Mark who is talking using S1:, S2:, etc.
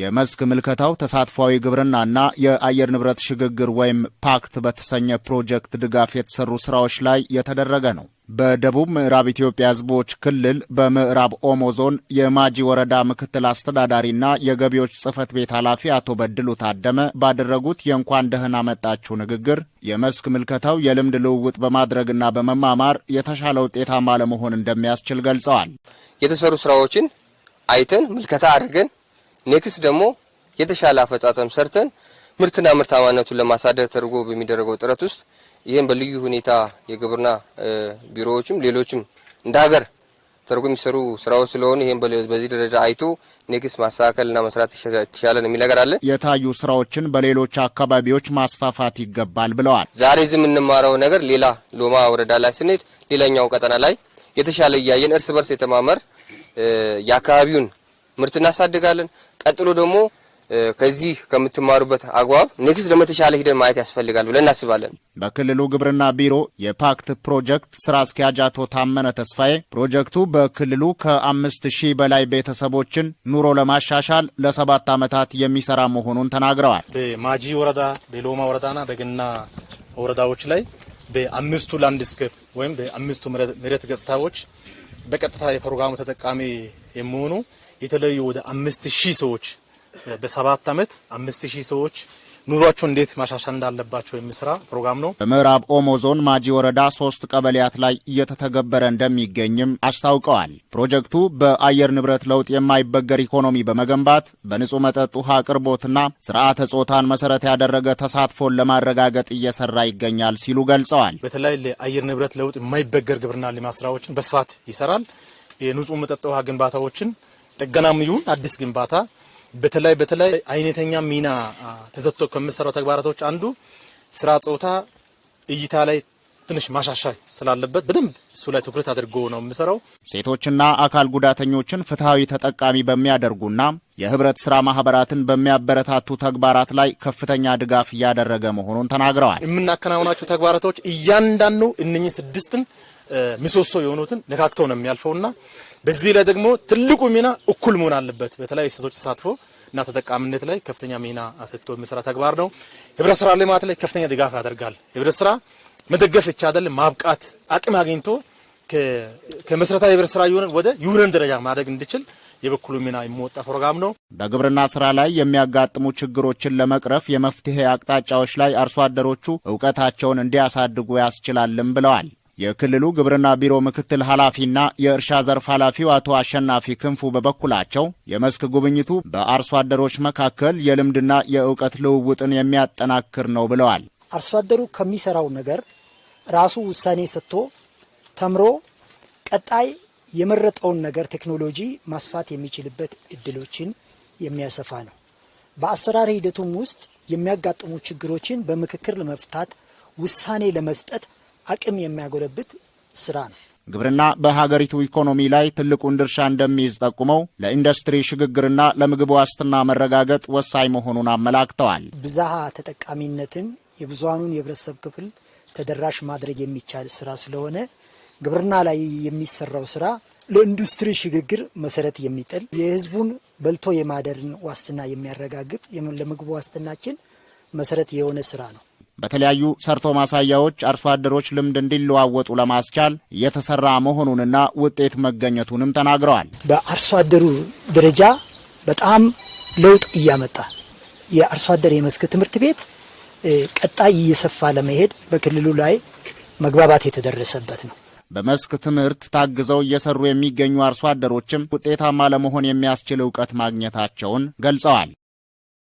S1: የመስክ ምልከታው ተሳትፏዊ ግብርናና የአየር ንብረት ሽግግር ወይም ፓክት በተሰኘ ፕሮጀክት ድጋፍ የተሰሩ ስራዎች ላይ የተደረገ ነው። በደቡብ ምዕራብ ኢትዮጵያ ሕዝቦች ክልል በምዕራብ ኦሞ ዞን የማጂ ወረዳ ምክትል አስተዳዳሪና የገቢዎች ጽህፈት ቤት ኃላፊ አቶ በድሉ ታደመ ባደረጉት የእንኳን ደህና መጣችሁ ንግግር የመስክ ምልከታው የልምድ ልውውጥ በማድረግና በመማማር የተሻለ ውጤታማ ለመሆን እንደሚያስችል ገልጸዋል።
S2: የተሰሩ ስራዎችን አይተን ምልከታ አድርገን ኔክስት ደግሞ የተሻለ አፈጻጸም ሰርተን ምርትና ምርታማነቱን ለማሳደግ ተደርጎ በሚደረገው ጥረት ውስጥ ይህም በልዩ ሁኔታ የግብርና ቢሮዎችም ሌሎችም እንደ ሀገር ተደርጎ የሚሰሩ ስራዎች ስለሆኑ ይህም በዚህ ደረጃ አይቶ ኔክስት ማስተካከልና መስራት የተሻለ ነው የሚል ነገር አለ።
S1: የታዩ ስራዎችን በሌሎች አካባቢዎች ማስፋፋት ይገባል ብለዋል።
S2: ዛሬ ዝም የምንማረው ነገር ሌላ ሎማ ወረዳ ላይ ስንሄድ ሌላኛው ቀጠና ላይ የተሻለ እያየን እርስ በርስ የተማመር የአካባቢውን ምርት እናሳድጋለን። ቀጥሎ ደግሞ ከዚህ ከምትማሩበት አግባብ ንግስ ለመተሻለ ሂደን ማየት ያስፈልጋል ብለን እናስባለን።
S1: በክልሉ ግብርና ቢሮ የፓክት ፕሮጀክት ስራ አስኪያጅ አቶ ታመነ ተስፋዬ ፕሮጀክቱ በክልሉ ከአምስት ሺህ በላይ ቤተሰቦችን ኑሮ ለማሻሻል ለሰባት ዓመታት የሚሰራ መሆኑን ተናግረዋል።
S3: በማጂ ወረዳ፣ በሎማ ወረዳና በግና ወረዳዎች ላይ በአምስቱ ላንድስኬፕ ወይም በአምስቱ መሬት ገጽታዎች በቀጥታ የፕሮግራሙ ተጠቃሚ የሚሆኑ የተለዩ ወደ አምስት ሺህ ሰዎች በሰባት ዓመት አምስት ሺህ ሰዎች ኑሯቸው እንዴት ማሻሻል እንዳለባቸው የሚሰራ ፕሮግራም ነው።
S1: በምዕራብ ኦሞ ዞን ማጂ ወረዳ ሶስት ቀበሌያት ላይ እየተተገበረ እንደሚገኝም አስታውቀዋል። ፕሮጀክቱ በአየር ንብረት ለውጥ የማይበገር ኢኮኖሚ በመገንባት በንጹህ መጠጥ ውሃ አቅርቦትና ስርዓተ ጾታን መሰረት ያደረገ ተሳትፎን ለማረጋገጥ እየሰራ ይገኛል ሲሉ ገልጸዋል።
S3: በተለይ ለአየር ንብረት ለውጥ የማይበገር ግብርና ልማት ስራዎችን በስፋት ይሰራል። የንጹህ መጠጥ ውሃ ግንባታዎችን ጥገናም ይሁን አዲስ ግንባታ በተለይ በተለይ አይነተኛ ሚና ተሰጥቶ ከሚሰራው ተግባራቶች አንዱ ስራ ጾታ እይታ ላይ ትንሽ ማሻሻይ ስላለበት በደንብ እሱ ላይ ትኩረት አድርጎ ነው የምሰራው
S1: ሴቶችና አካል ጉዳተኞችን ፍትሐዊ ተጠቃሚ በሚያደርጉና የህብረት ስራ ማህበራትን በሚያበረታቱ ተግባራት ላይ ከፍተኛ ድጋፍ እያደረገ መሆኑን ተናግረዋል።
S3: የምናከናውናቸው ተግባራቶች እያንዳንዱ እነኚህ ስድስትን ምሰሶ የሆኑትን ነካክቶ ነው የሚያልፈውና በዚህ ላይ ደግሞ ትልቁ ሚና እኩል መሆን አለበት። በተለያዩ ሴቶች ተሳትፎ እና ተጠቃሚነት ላይ ከፍተኛ ሚና አሰጥቶ የሚሰራ ተግባር ነው። ህብረት ስራ ልማት ላይ ከፍተኛ ድጋፍ ያደርጋል። ህብረት ስራ መደገፍ ብቻ አይደለም ማብቃት አቅም አግኝቶ ከመሰረታዊ ህብረት ስራ ዩኒየን ወደ ዩኒየን ደረጃ ማደግ እንዲችል የበኩሉ ሚና የሚወጣ ፕሮግራም ነው።
S1: በግብርና ስራ ላይ የሚያጋጥሙ ችግሮችን ለመቅረፍ የመፍትሄ አቅጣጫዎች ላይ አርሶ አደሮቹ እውቀታቸውን እንዲያሳድጉ ያስችላልም ብለዋል። የክልሉ ግብርና ቢሮ ምክትል ኃላፊና የእርሻ ዘርፍ ኃላፊው አቶ አሸናፊ ክንፉ በበኩላቸው የመስክ ጉብኝቱ በአርሶ አደሮች መካከል የልምድና የእውቀት ልውውጥን የሚያጠናክር ነው ብለዋል።
S4: አርሶ አደሩ ከሚሰራው ነገር ራሱ ውሳኔ ሰጥቶ ተምሮ ቀጣይ የመረጠውን ነገር ቴክኖሎጂ ማስፋት የሚችልበት እድሎችን የሚያሰፋ ነው። በአሰራር ሂደቱም ውስጥ የሚያጋጥሙ ችግሮችን በምክክር ለመፍታት ውሳኔ ለመስጠት አቅም የሚያጎለብት ስራ ነው።
S1: ግብርና በሀገሪቱ ኢኮኖሚ ላይ ትልቁን ድርሻ እንደሚይዝ ጠቁመው ለኢንዱስትሪ ሽግግርና ለምግብ ዋስትና መረጋገጥ ወሳኝ መሆኑን አመላክተዋል።
S4: ብዝሃ ተጠቃሚነትን የብዙሃኑን የህብረተሰብ ክፍል ተደራሽ ማድረግ የሚቻል ስራ ስለሆነ ግብርና ላይ የሚሰራው ስራ ለኢንዱስትሪ ሽግግር መሰረት የሚጥል የህዝቡን በልቶ የማደርን ዋስትና የሚያረጋግጥ ለምግብ ዋስትናችን መሰረት የሆነ ስራ ነው።
S1: በተለያዩ ሰርቶ ማሳያዎች አርሶ አደሮች ልምድ እንዲለዋወጡ ለማስቻል እየተሰራ መሆኑንና ውጤት መገኘቱንም ተናግረዋል።
S4: በአርሶ አደሩ ደረጃ በጣም ለውጥ እያመጣ የአርሶ አደር የመስክ ትምህርት ቤት ቀጣይ እየሰፋ ለመሄድ በክልሉ ላይ መግባባት የተደረሰበት ነው።
S1: በመስክ ትምህርት ታግዘው እየሰሩ የሚገኙ አርሶ አደሮችም ውጤታማ ለመሆን የሚያስችል እውቀት ማግኘታቸውን ገልጸዋል።